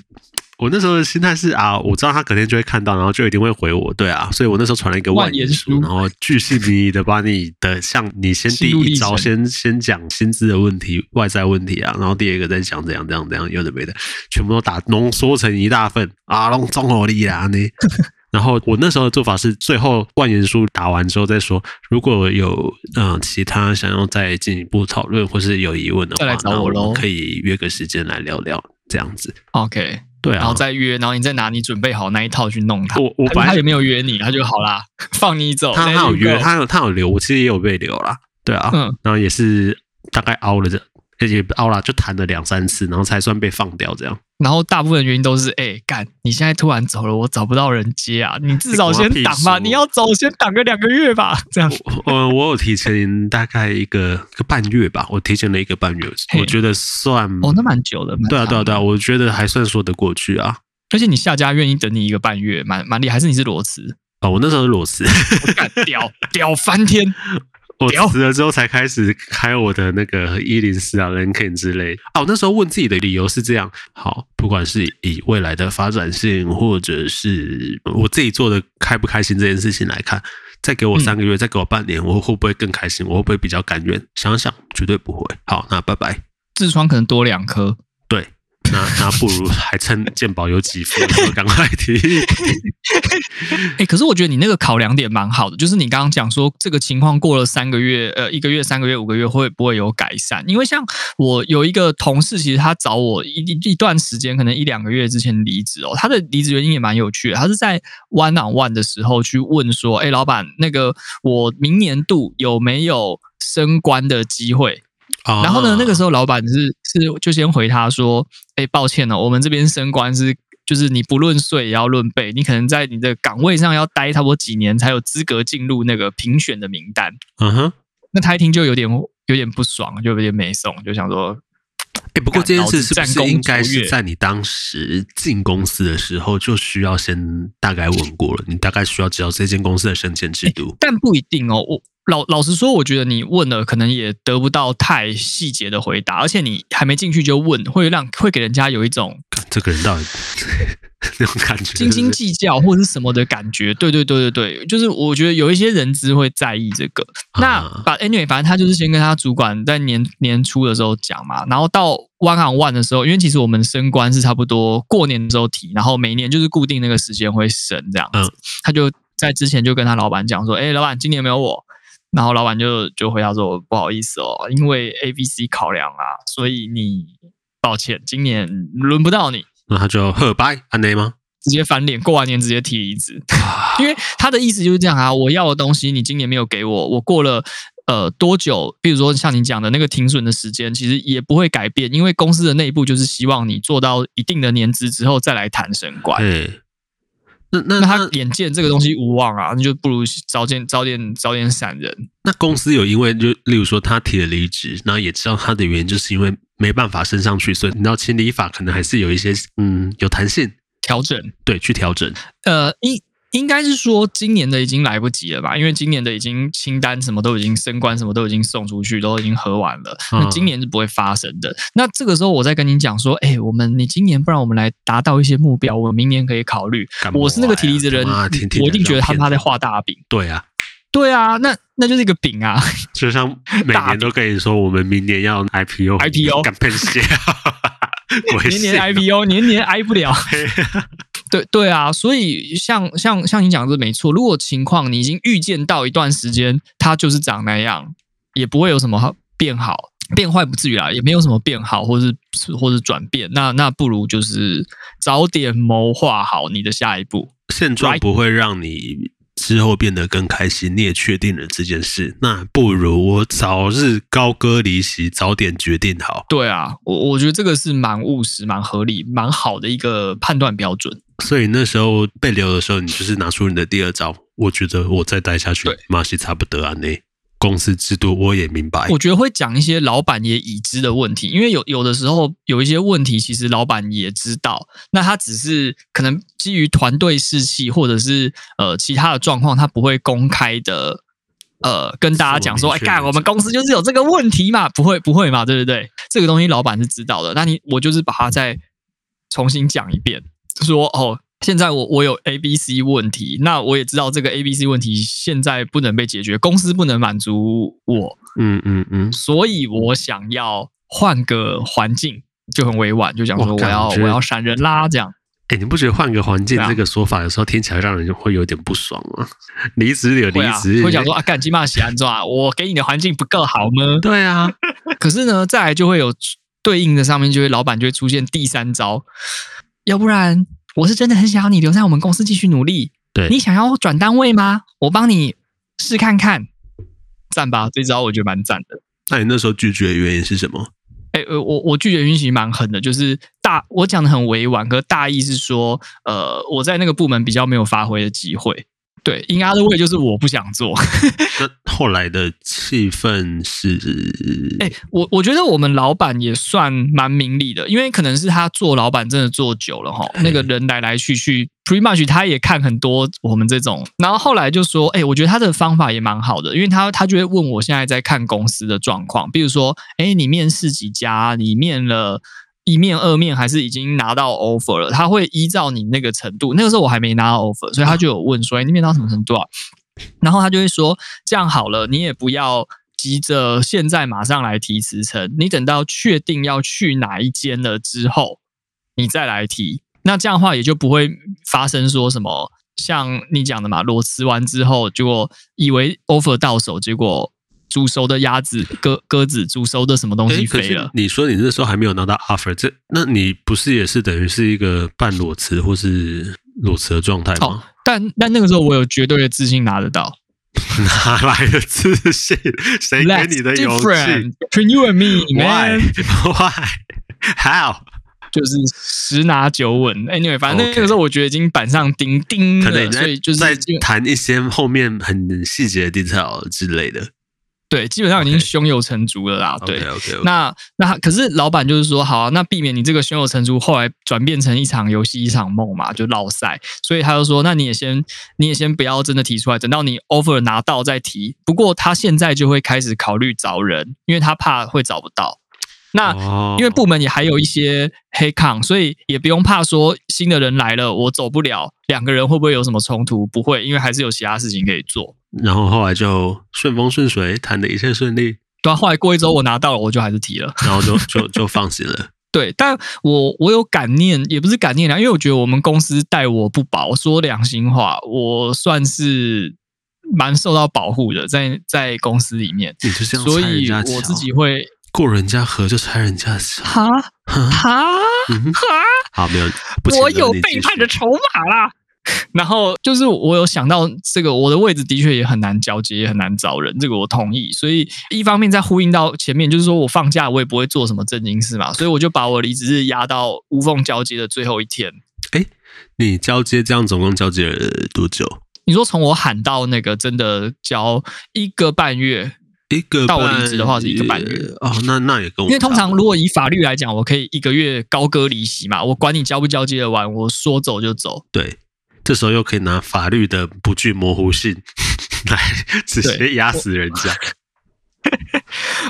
我那時候的心態是啊，我知道他肯定就會看到，然後就一定會回我，對啊，所以我那時候傳了一個萬言書，言書然後 *laughs* 巨細靡遺的把你的像你先第一招先先講薪資的問題、外在問題啊，然後第二個再講怎樣怎樣怎樣有的沒的，全部都打濃縮成一大份啊，重合力啊你。 *laughs* 然後我那時候的做法是，最後萬言書打完之後再說，如果有嗯、呃、其他想要再進一步討論或是有疑問的話，再來找我，那我們可以約個時間來聊聊這樣子。OK。對啊，然後再約，然後你再拿你準備好那一套去弄他。我我本來也沒有約你，他就好啦，放你走。他他有約，他有他有留，我其實也有被留啦。對啊，嗯，然後也是大概凹了這。而且奧拉就彈了兩三次，然後才算被放掉這樣。然後大部分的原因都是，哎、欸，幹，你現在突然走了，我找不到人接啊！你至少先擋嘛、欸，你要走我先擋個兩個月吧，這樣。嗯，我有提前大概一個 *laughs* 一個半月吧，我提前了一個半月，hey, 我覺得算哦，那蠻久的。對啊，對啊，對啊，我覺得還算說得過去啊。而且你下家願意等你一個半月，蠻蠻厲害，還是你是裸辭？哦，我那時候是裸辭，我幹 *laughs* 屌屌翻天。 *laughs* 我辭了之後才開始開我的那個一零四啊、LinkedIn 之類哦、啊，我那時候問自己的理由是這樣：好，不管是以未來的發展性，或者是我自己做的開不開心這件事情來看，再給我三個月，嗯、再給我半年，我會不會更開心？我會不會比較甘願？想想，絕對不會。好，那拜拜。痔瘡可能多兩顆。那那不如還趁健保有幾分，我 *laughs* 剛趕快提。聽。哎，可是我覺得你那個考量點蠻好的，就是你剛剛講說這個情況過了三個月，呃，一個月、三個月、五個月會不會有改善？因為像我有一個同事，其實他找我一一段時間，可能一兩個月之前離職哦。他的離職原因也蠻有趣的，他是在 one on one 的時候去問說：“哎、欸，老闆，那個我明年度有沒有升官的機會？”然後呢，那個時候老闆是是就先回他說：“哎、欸，抱歉了、哦，我們這邊升官是就是你不論歲也要論輩，你可能在你的崗位上要待差不多幾年才有資格進入那個評選的名單。”嗯哼，那他一聽就有點有點不爽，就有點沒送，就想說：“哎、欸，不過這件事是不是應該是在你當時進公司的時候就需要先大概問過了？你大概需要知道這間公司的升遷制度？”欸、但不一定哦，我。老老實說，我覺得你問了可能也得不到太細節的回答，而且你還沒進去就問，會讓會給人家有一種這個人到底 *laughs* 那種感覺，斤斤計較 *laughs* 或者是什麼的感覺。對，對對對對對，就是我覺得有一些人資會在意這個。嗯、那把 anyway 反正他就是先跟他主管在年年初的時候講嘛，然後到 One on One 的時候，因為其實我們升官是差不多過年的時候提，然後每年就是固定那個時間會升這樣子。嗯、他就在之前就跟他老板講說：“哎、欸，老板，今年沒有我。”然後老闆就就回答說：“不好意思哦，因為 A、B、C 考量啊，所以你抱歉，今年輪不到你。”那他就喝白安 A 嗎？直接翻臉，過完年直接提離職，因為他的意思就是這樣啊。我要的東西你今年沒有給我，我過了呃多久？比如說像你講的那個停損的時間，其實也不會改變，因為公司的內部就是希望你做到一定的年資之後再來談神怪。嗯那那，那，那他眼見這個東西無望啊，那、嗯、就不如早點早點早點閃人。那公司有因為就例如說他提了離職，然後也知道他的原因，就是因為沒辦法升上去，所以你知道清理法可能還是有一些嗯有彈性調整，對，去調整呃一。應該是說，今年的已經來不及了吧？因為今年的已經清單什麼都已經升官，什麼都已經送出去，都已經核完了。嗯、那今年是不會發生的。那這個時候，我再跟你講說，哎、欸，我們你今年，不然我們來達到一些目標，我們明年可以考慮。我是那個體力的人，我一定覺得他他在畫大餅。對啊，對啊，那那就是一個餅啊。就像每年都跟你說，我們明年要 IPO，IPO IPO *laughs* 年年 IPO，年年挨不了。 *laughs* *laughs* 對對啊，所以像像像你講的是沒錯，如果情況你已經預見到一段時間，它就是長那樣，也不會有什麼變好變壞，不至於啦，也沒有什麼變好或是或是轉變，那那不如就是早點謀劃好你的下一步，現狀不會讓你。Right. 之後變得更開心，你也確定了這件事，那不如我早日高歌離席，早點決定好。對啊，我我覺得這個是蠻務實、蠻合理、蠻好的一個判斷標準。所以那時候被留的時候，你就是拿出你的第二招，我覺得我再待下去，嘛，是差不多啊，你。公司制度我也明白，我覺得會講一些老闆也已知的問題，因為有有的時候有一些問題，其實老闆也知道，那他只是可能基於團隊士氣或者是呃其他的狀況，他不會公開的呃跟大家講說，哎幹、欸，我們公司就是有這個問題嘛，不會不會嘛，對不對，這個東西老闆是知道的，那你我就是把它再重新講一遍，說哦。現在我我有 A B C 問題，那我也知道這個 A B C 問題現在不能被解決，公司不能滿足我，嗯嗯嗯，所以我想要換個環境，就很委婉，就想說我要我要閃人啦這樣。哎、欸，你不覺得換個環境，啊、這個說法有時候聽起來讓人會有點不爽嗎？離 *laughs* 職有離職，啊，會講說啊，幹，現在是怎樣？ *laughs* 我給你的環境不夠好嗎？對啊， *laughs* 可是呢，再來就會有對應的，上面就會，老闆就會出現第三招，要不然。我是真的很想要你留在我們公司繼續努力。對，你想要轉單位嗎？我幫你試看看。讚吧！這招我覺得蠻讚的。那你那時候拒絕的原因是什麼？哎，我我拒絕的原因蠻狠的，就是大我講的很委婉，可是大意是說，呃，我在那個部門比較沒有發揮的機會。對，In other way 就是我不想做。那 *laughs* 後來的氣氛是，哎、欸，我我覺得我們老闆也算蠻明理的，因為可能是他做老闆真的做久了哈，那個人來來去去，Pretty much，他也看很多我們這種，然後後來就說，哎、欸，我覺得他的方法也蠻好的，因為他他就會問我現在在看公司的狀況，比如說，哎、欸，你面試幾家，你面了。一面二面還是已經拿到 offer 了，他會依照你那個程度。那個時候我還沒拿到 offer，所以他就有問說，哎，你面到什麼程度啊？然後他就會說這樣好了，你也不要急着現在馬上來提辭呈，你等到確定要去哪一間了之後，你再來提。那這樣的話也就不會發生說什麼像你講的嘛，裸辭完之後，結果以為 offer 到手，結果。煮熟的鴨子、鴿鴿子、煮熟的什麼東西飛了？可你說你那時候還沒有拿到 offer，這，那你不是也是等於是一個半裸辭或是裸辭的狀態嗎？Oh, 但但那個時候我有絕對的自信拿得到，哪 *laughs* 來的自信？誰給你的勇氣？Between you and me，Why why how？就是十拿九穩。Anyway，反正那個時候我覺得已經板上釘釘了，okay. 所以就是在談一些後面很細節的 detail 之類的。對，基本上已經胸有成竹了啦。Okay. 對，okay, okay, okay. 那那可是老闆就是說，好啊，那避免你這個胸有成竹後來轉變成一場遊戲一場夢嘛，就落賽。所以他就說，那你也先，你也先不要真的提出來，等到你 offer 拿到再提。不過他現在就會開始考慮找人，因為他怕會找不到。那，oh. 因為部門也還有一些黑抗，所以也不用怕說新的人來了我走不了，兩個人會不會有什麼衝突？不會，因為還是有其他事情可以做。然後後來就順風順水，談的一切順利。對、啊，後來過一周我拿到了，哦、我就還是提了，然後就就就放棄了。 *laughs* 對，但我我有感念，也不是感念啊，因為我覺得我們公司待我不薄，說良心話，我算是蠻受到保護的，在在公司裡面。你就這樣拆人家牆，所以我自己會過人家河就拆人家牆啊啊啊！好沒有，不我有背叛的籌碼啦。 *laughs* 然後就是我有想到這個，我的位置的確也很難交接，也很難找人，這個我同意。所以一方面在呼應到前面，就是說我放假我也不會做什麼正經事嘛，所以我就把我離職日壓到無縫交接的最後一天。哎，你交接這樣總共交接了多久？你說從我喊到那個真的交一個半月，一個到我離職的話是一個半月。哦，那那也夠。因為通常如果以法律來講，我可以一個月高歌離席嘛，我管你交不交接的完，我說走就走。對。這時候又可以拿法律的不具模糊性 *laughs* 來直接壓死人家。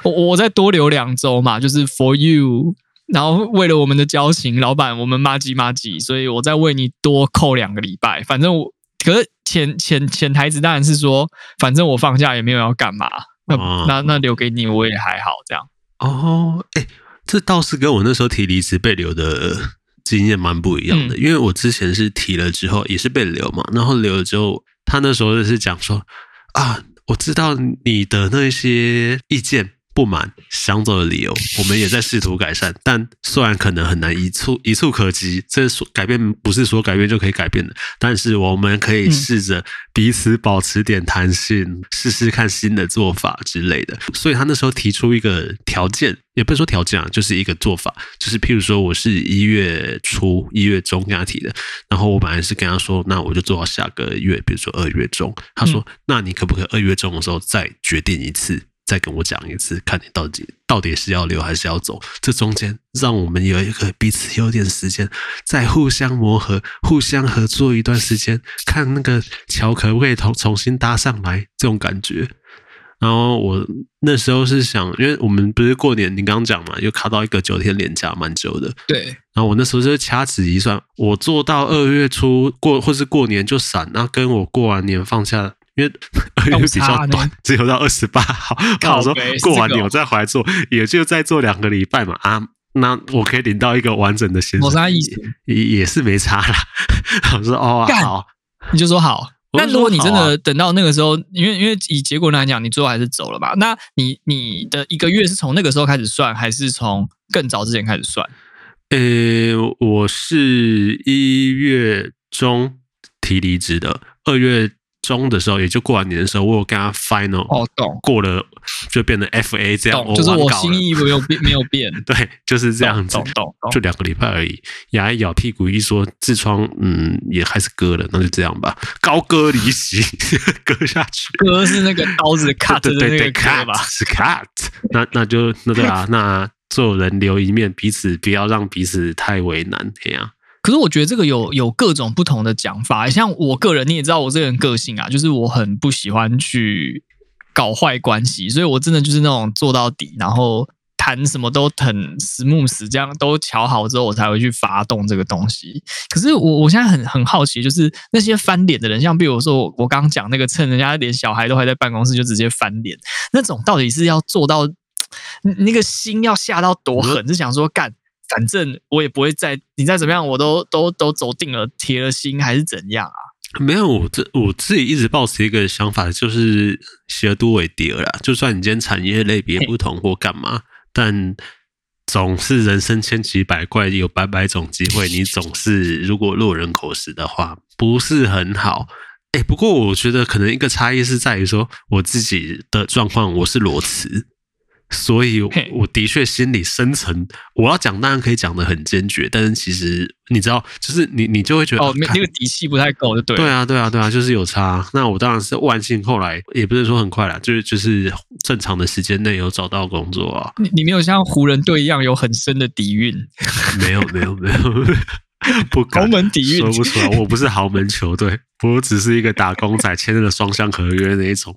我 *laughs* 我，我再多留兩周嘛，就是 for you。然後為了我們的交情，老闆，我們麻吉麻吉，所以我再為你多扣兩個禮拜。反正我，可是潛潛潛台詞當然是說，反正我放假也沒有要幹嘛，哦、那那，那留給你我也還好這樣。哦，哎，這倒是跟我那時候提離職被留的。經驗蠻不一樣的，因為我之前是提了之後也是被留嘛，然後留了之後，他那時候就是講說啊，我知道你的那些意見。不滿想走的理由，我們也在試圖改善，但雖然可能很難一蹴一蹴可及，這所改變不是說改變就可以改變的。但是我們可以試着彼此保持點彈性，嗯，試試看新的做法之類的。所以他那時候提出一個條件，也不是說條件啊，就是一個做法，就是譬如說我是一月初、一月中跟他提的，然後我本來是跟他說，那我就做到下個月，比如說二月中，他說，那你可不可以二月中的時候再決定一次？再跟我講一次，看你到底到底是要留還是要走？這中間讓我們有一個彼此有點時間，再互相磨合、互相合作一段時間，看那個橋可不可以重重新搭上來這種感覺。然後我那時候是想，因為我們不是過年，你剛剛講嘛，又卡到一個九天連假，蠻久的。對。然後我那時候就掐指一算，我做到二月初過，或是過年就散。那跟我過完年放假。因為二月比較短，只有到二十八號。剛好說過完年我再回來做，也就再做兩個禮拜嘛。啊，那我可以領到一個完整的薪水。我差一也也是沒差啦。我說哦、啊、好，你就說好。那、啊、如果你真的等到那個時候，因為因為以結果來講，你最後還是走了吧？那你你的一個月是從那個時候開始算，還是從更早之前開始算？呃、欸，我是一月中提離職的，二月，中的時候，也就過完年的時候，我有跟他 final，哦、oh, 懂,過了就變成 fa 這樣，就是我心意沒有變，沒有變， *laughs* 對，就是這樣子，懂，懂，就兩個禮拜而已，牙一咬，屁股一說，痔瘡，嗯，也還是割了，那就這樣吧，高歌離席，割 *laughs* 下去，割是那個刀子 *laughs* cut 的那個割吧，對對對，是 cut，, cut *laughs* 那那就那對啊，那做人留一面，彼此不要讓彼此太為難，這樣、啊。可是我覺得這個有有各種不同的講法，像我個人你也知道我這個人個性啊，就是我很不喜歡去搞壞關係，所以我真的就是那種做到底，然後談什麼都很 smooth，這樣都瞧好之後，我才會去發動這個東西。可是我我現在很很好奇，就是那些翻臉的人，像比如說我剛剛講那個，趁人家連小孩都還在辦公室就直接翻臉那種，到底是要做到那,那個心要下到多狠，是想說幹？反正我也不會再，你再怎麼樣，我都都都走定了，鐵了心還是怎樣啊？沒有，我這我自己一直抱持一個想法，就是學多為底了。就算你今天產業類別不同或幹嘛，但總是人生千奇百怪，有百百種機會。你總是如果落人口實的話，不是很好。哎，不過我覺得可能一個差異是在於說，我自己的狀況，我是裸辭。所以，我的確心裡深層，我要講，當然可以講得很堅決，但是其實你知道，就是你你就會覺得哦，你那個底氣不太夠，就對。對啊，對啊，對啊，啊，就是有差，啊。那我當然是萬幸，後來也不是說很快啦，就是就是正常的時間內有找到工作啊。你你沒有像湖人隊一樣有很深的底蘊？沒有，沒有，沒有，不豪門底蘊說不出來。我不是豪門球隊，我只是一個打工仔，簽了個雙向合約的那一種。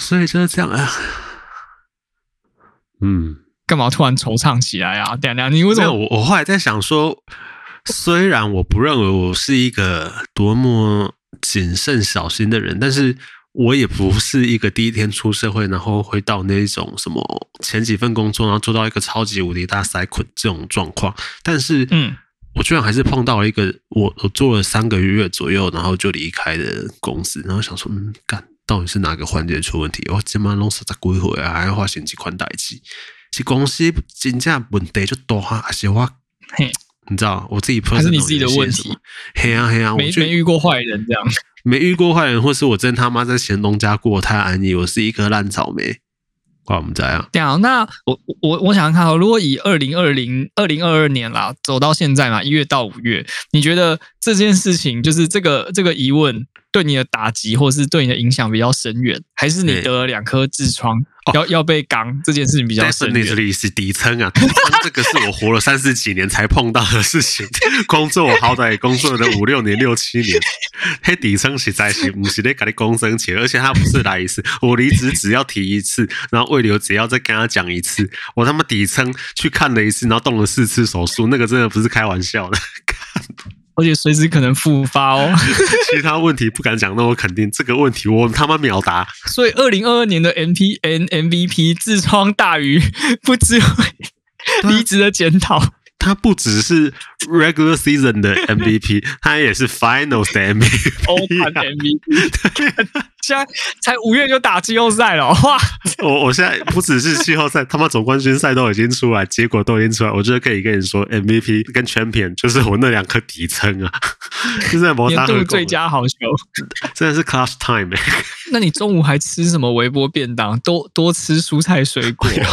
所以就是這樣啊，嗯，幹嘛突然惆悵起來啊？這樣，你為什麼？我我後來在想說，雖然我不認為我是一個多麼謹慎小心的人，但是我也不是一個第一天出社會，然後回到那種什麼前幾份工作然後做到一個超級無敵大塞捆這種狀況。但是，嗯，我居然還是碰到了一個我我做了三個月左右，然後就離開的公司，然後想說，嗯，幹。到底是哪個環節出問題？我他媽弄十十鬼回啊，還要花錢去款代志，是公司真正問題就多啊！還是我嘿，你知道，我自己碰到。還是你自己的問題。嘿啊嘿啊！啊沒沒遇過壞人這樣。沒遇過壞人，或是我真他媽在前東家過太安逸，我是一顆爛草莓。怪我們這樣。對啊，那我我我想看看，如果以二零二零二零二二年啦走到現在嘛，一月到五月，你覺得這件事情就是這個這個疑問？對你的打擊，或是對你的影響比較深遠，還是你得了兩顆痔瘡，要、哦、要被肛這件事情比較深遠？但是你是底稱啊，這個是我活了三十幾年才碰到的事情。 *laughs* 工作我好歹也工作了五六年六七年，那 *laughs* 底稱實在是不十得給你工傷險，而且他不是來一次，我離職只要提一次，然後慰留只要再跟他講一次，我他媽底稱去看了一次，然後動了四次手術，那個真的不是開玩笑的。而且隨時可能復發哦。其他問題不敢講，那我肯定，這個問題我他媽秒答 *laughs* 。所以，二零二二年的 M P N M V P 痔瘡大於不知離職的檢討。他不只是 regular season 的 M V P，他也是 finals 的 M V P。現在才五月就打季後賽了，哇！我我現在不只是季後賽， *laughs* 他媽總冠軍賽都已經出來，結果都已經出來，我覺得可以跟你說 MVP 跟全篇就是我那兩顆底層啊，就是摩大度最佳好球， *laughs* 真的是 class time，欸。那你中午還吃什麼微波便當？多多吃蔬菜水果。有你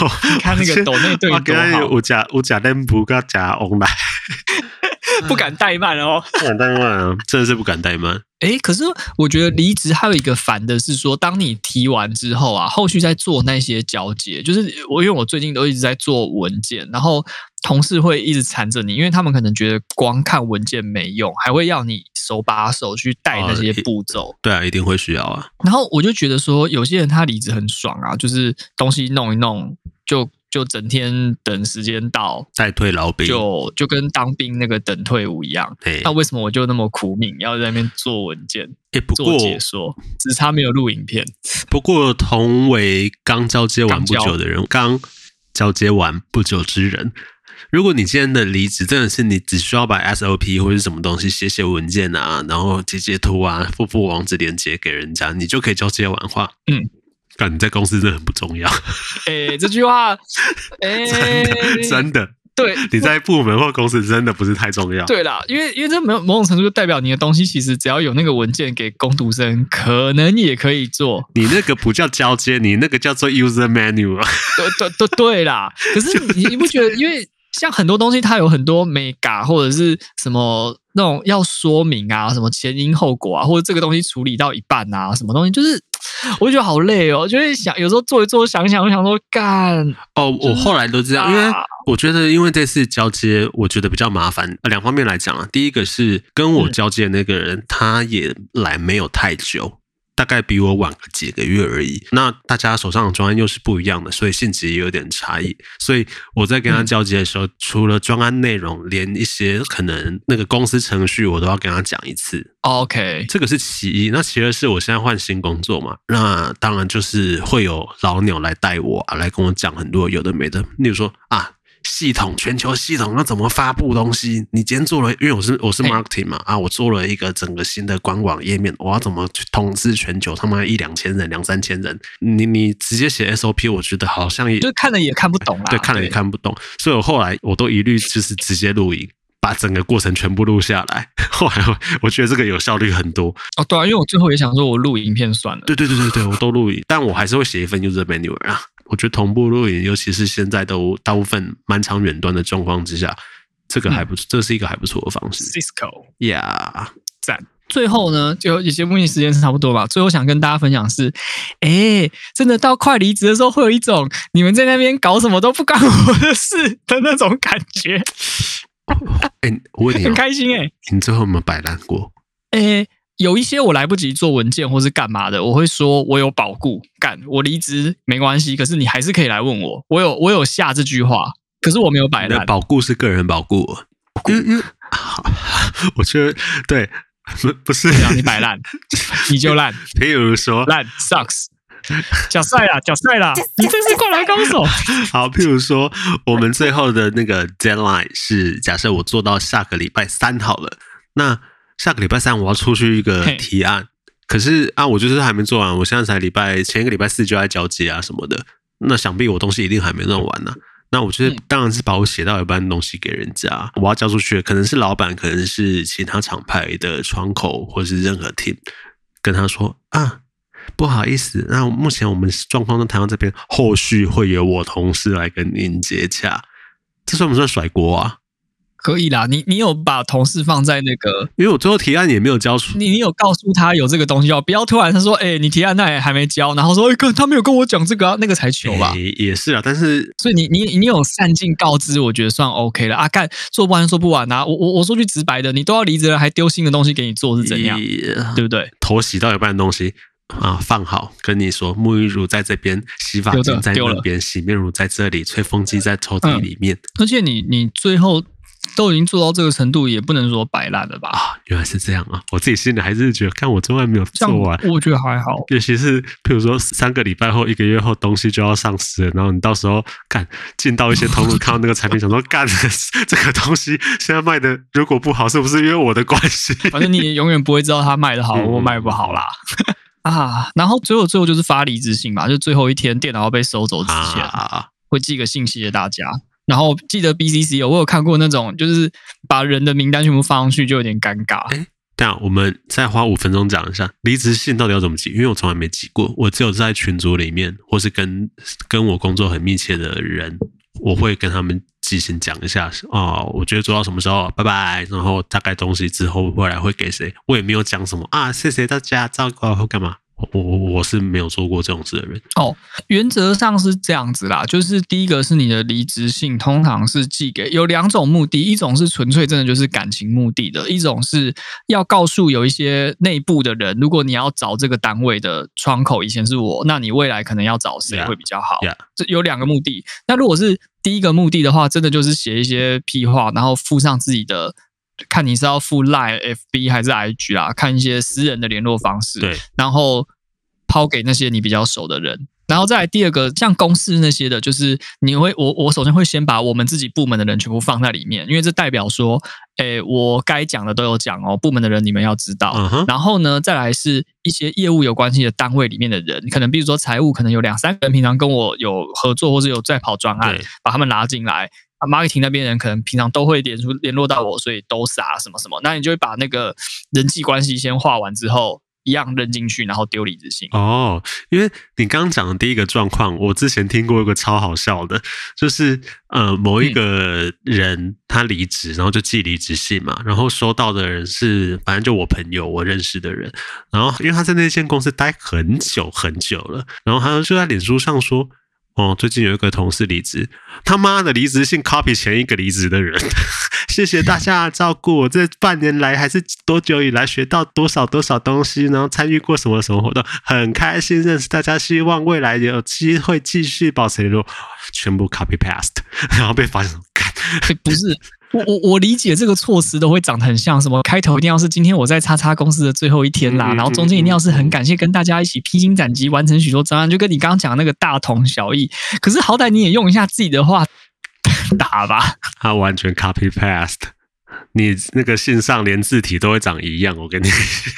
看那個抖內隊多好。我 *laughs* *laughs* 不敢怠慢哦、嗯，不敢怠慢哦、啊， *laughs* 真的是不敢怠慢、欸。哎，可是我覺得離職還有一個煩的是說，說當你提完之後啊，後續在做那些交接，就是我因為我最近都一直在做文件，然後同事會一直纏着你，因為他們可能覺得光看文件沒用，還會要你手把手去帶那些步驟、啊。對啊，一定會需要啊。然後我就覺得說，有些人他離職很爽啊，就是東西弄一弄就。就整天等時間到，待退老兵，就就跟當兵那個等退伍一樣。對，那為什麼我就那麼苦命，要在那邊做文件、也、欸、不過做解說，只是他沒有錄影片？不過同為剛交接完不久的人，剛交、交接完不久之人，如果你今天的離職真的是你只需要把 SOP 或者什麼東西寫寫文件啊，然後截截圖啊，附附網址鏈接給人家，你就可以交接完話。嗯。但你在公司真的很不重要。 *laughs* 哎、欸，這句話，欸、真的真的，對，你在部門或公司真的不是太重要。對啦，因為因為這某某種程度就代表你的東西，其實只要有那個文件給工讀生，可能也可以做。 *laughs* 你那個不叫交接，你那個叫做 user manual。 *laughs* 都對，對，對，對啦。可是你你不覺得因為？像很多東西，它有很多沒嘎，或者是什麼那種要說明啊，什麼前因後果啊，或者這個東西處理到一半啊，什麼東西，就是我覺得好累哦，就是想有時候做一做，想想，想說幹哦、就是。我後來都這樣，啊、因為我覺得因為這次交接，我覺得比較麻煩。兩方面來講啊，第一個是跟我交接的那個人，嗯、他也來沒有太久。大概比我晚個幾個月而已。那大家手上的專案又是不一樣的，所以性質也有點差異。所以我在跟他交接的時候，嗯、除了專案內容，連一些可能那個公司程序，我都要跟他講一次。OK，這個是其一。那其二是我現在換新工作嘛，那當然就是會有老鳥來帶我，啊，來跟我講很多有的沒的。例如說啊。系統全球系統要怎麼發布東西？你今天做了，因為我是我是 marketing 嘛、欸、啊，我做了一個整個新的官網頁面，我要怎麼去通知全球他媽一兩千人兩三千人？你你直接寫 SOP，我覺得好像也就看了也看不懂了。對，看了也看不懂，所以我後來我都一律就是直接錄影，把整個過程全部錄下來。後來我覺得這個有效率很多哦。對啊，因為我最後也想說我錄影片算了。對對對對對，對，我都錄影， *laughs* 但我還是會寫一份 user manual 啊。我覺得同步錄影，尤其是現在都大部分蠻常遠端的狀況之下，這個還不、嗯、這是一個還不錯的方式。Cisco，yeah，讚。最後呢，就節目時間是差不多吧。最後想跟大家分享是，哎、欸，真的到快離職的時候，會有一種你們在那邊搞什麼都不關我的事的那種感覺。哎、 *laughs* 欸，我問你啊，很開心哎、欸，你最後有沒有擺爛過？哎、欸。有一些我來不及做文件或是幹嘛的，我會說我有保固干，我離職沒關係。可是你還是可以來問我，我有我有下這句話，可是我沒有擺爛。你的保固是個人保固。保固嗯嗯、啊，我覺得對，不是。對你擺爛，你就爛。 *laughs* 譬如說，爛 sucks，腳碎了，腳碎了， *laughs* 你真是灌籃高手。好，譬如說，我們最後的那個 deadline 是假設我做到下個禮拜三好了，那。下個禮拜三我要出去一個提案，hey. 可是啊，我就是還沒做完，我現在才禮拜前一個禮拜四就要交接啊什麼的，那想必我東西一定還沒弄完呢、啊。那我就是當然是把我寫到一半的東西給人家，hey. 我要交出去，可能是老板，可能是其他廠牌的窗口，或是任何 team，跟他說啊，不好意思，那目前我們狀況都談到這邊，後續會由我同事來跟您接洽，這算不算甩鍋啊？可以啦，你你有把同事放在那個，因為我最後提案也沒有交出。你你有告訴他有這個東西，要不要？突然他說：“哎、欸，你提案那也還沒交。”然後說：“欸、他沒有跟我講這個、啊，那個才求吧。欸”也也是啊，但是所以你你你有善盡告知，我覺得算 OK 了啊。幹說不完說不完啊！我我我說句直白的，你都要離職了，還丟新的東西給你做是怎樣、欸？對不對？頭洗到一半的東西啊，放好跟你說，沐浴乳在這邊，洗髮精在那邊，洗面乳在這裡，吹風機在抽屜裡面、嗯。而且你你最後。都已經做到這個程度，也不能說擺爛了吧、哦？原來是這樣啊！我自己心裡還是覺得，看我從來沒有做完，我覺得還好。尤其是，譬如說三個禮拜後、一個月後，東西就要上市了，然後你到時候看進到一些通路， *laughs* 看到那個產品，想說幹 *laughs* 這個東西現在賣的如果不好，是不是因為我的關係？反正你永遠不會知道他賣的好或、嗯、賣不好啦。 *laughs* 啊，然後最後最後就是發離職信吧，就最後一天電腦要被收走之前、啊，會寄個信息給大家。然後記得 BCC，、哦、我有看過那種，就是把人的名單全部放上去，就有點尷尬。哎、欸，這樣我們再花五分鐘講一下離職信到底要怎麼寄，因為我從來沒寄過，我只有在群組裡面，或是跟跟我工作很密切的人，我會跟他們進行講一下。哦，我覺得做到什麼時候，拜拜。然後大概東西之後未來會給誰，我也沒有講什麼啊，謝謝大家，照顧好幹嘛？我我我是沒有做過這種事的人哦，oh, 原則上是這樣子啦，就是第一個是你的離職信，通常是寄給有兩種目的，一種是純粹真的就是感情目的的，一種是要告訴有一些內部的人，如果你要找這個單位的窗口，以前是我，那你未來可能要找誰會比較好？這、yeah, yeah. 有兩個目的。那如果是第一個目的的話，真的就是寫一些屁話，然後附上自己的。看你是要付 Line FB 還是 IG 啊，看一些私人的聯絡方式。對，然後拋給那些你比較熟的人。然後再來第二個，像公司那些的，就是你會我我首先會先把我們自己部門的人全部放在裡面，因為這代表說，哎，我該講的都有講哦。部門的人你們要知道、嗯。然後呢，再來是一些業務有關係的單位裡面的人，可能比如說財務，可能有兩三個人平常跟我有合作，或者有在跑專案，把他們拉進來。啊，marketing 那邊人可能平常都會連出聯絡到我，所以都啥什麼什麼，那你就會把那個人際關係先畫完之後，一樣扔進去，然後丟離職信。哦，因為你剛剛講的第一個狀況，我之前聽過一個超好笑的，就是呃，某一個人他離職，嗯，然後就寄離職信嘛，然後收到的人是反正就我朋友，我認識的人，然後因為他在那間公司待很久很久了，然後他就在臉書上說。哦，最近有一個同事離職，他媽的，離職信 copy 前一個離職的人。 *laughs* 謝謝大家照顧我，這半年來還是多久以來學到多少多少東西呢？然後參與過什麼什麼活動，很開心認識大家，希望未來有機會繼續保持聯絡。全部 copy past，然後被發現幹 *laughs* 欸，不是。我我理解這個措辭都會長得很像，什麼開頭一定要是今天我在叉叉公司的最後一天啦，然後中間一定要是很感謝跟大家一起披荊斬棘完成許多障礙，就跟你剛剛講那個大同小異。可是好歹你也用一下自己的話打吧。他完全 copy paste。你那個信上連字體都會長一樣。我跟你，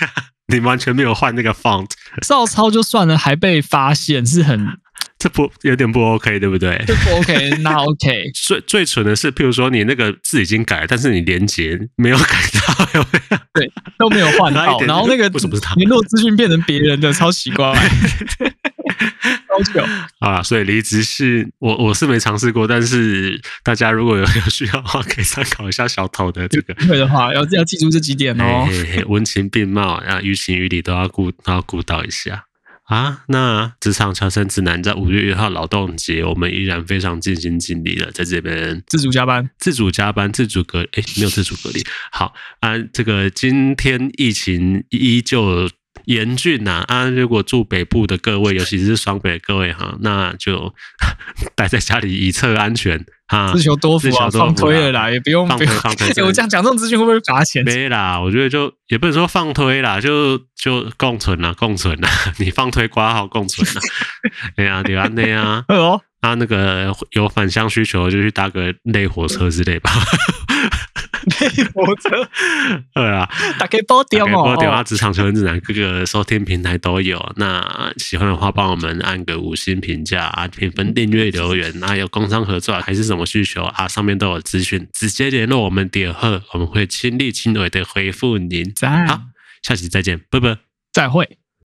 *laughs* 你完全沒有換那個 font，照抄就算了，還被發現是很。這不有點不 OK 對不對？這不 OK，那 OK。 *laughs* 最最蠢的是，譬如說你那個字已經改了，但是你連結沒有改到有有，對，都沒有換到，一點這個、然後那個麼聯絡資訊變成別人的，超奇怪，啊， *laughs* 超糗啊！所以離職是我我是沒嘗試過，但是大家如果有，有需要的話，可以參考一下小頭的這個。對，對的話，要要記住這幾點哦嘿嘿嘿，文情並茂，然後於情於理都要顧都要顧到一下。啊，那職場求生指南在五月一號勞動節，我們依然非常盡心盡力的在這邊自主加班、自主加班、自主隔，誒，沒有自主隔離。好啊，這個今天疫情依舊。嚴峻吶啊！啊，如果住北部的各位，尤其是雙北的各位哈、啊，那就待在家裡以策安全啊。自求多、啊、多福啊，放推了啦，也不用。放推。放推欸，我這樣講這種資訊會不會罰錢？沒啦，我覺得就也不能說放推啦，就就共存啦、啊，共存啦、啊。你放推掛號，共存啦。哎呀，你啊，你 *laughs* 啊。哦、啊。那、 *laughs* 啊、那個有返鄉需求，就去搭個內火車之類吧。 *laughs* 沒有的，對啊，大家波點、啊啊啊、哦，波點啊，職場求生指南，各個收聽平台都有。那喜歡的話，幫我們按個五星評價啊，評分、訂閱、留言。那、啊、有工商合作還是什麼需求啊，上面都有資訊，直接聯絡我們點賀，我們會親力親為的回復您。好，下期再見，拜拜，再會。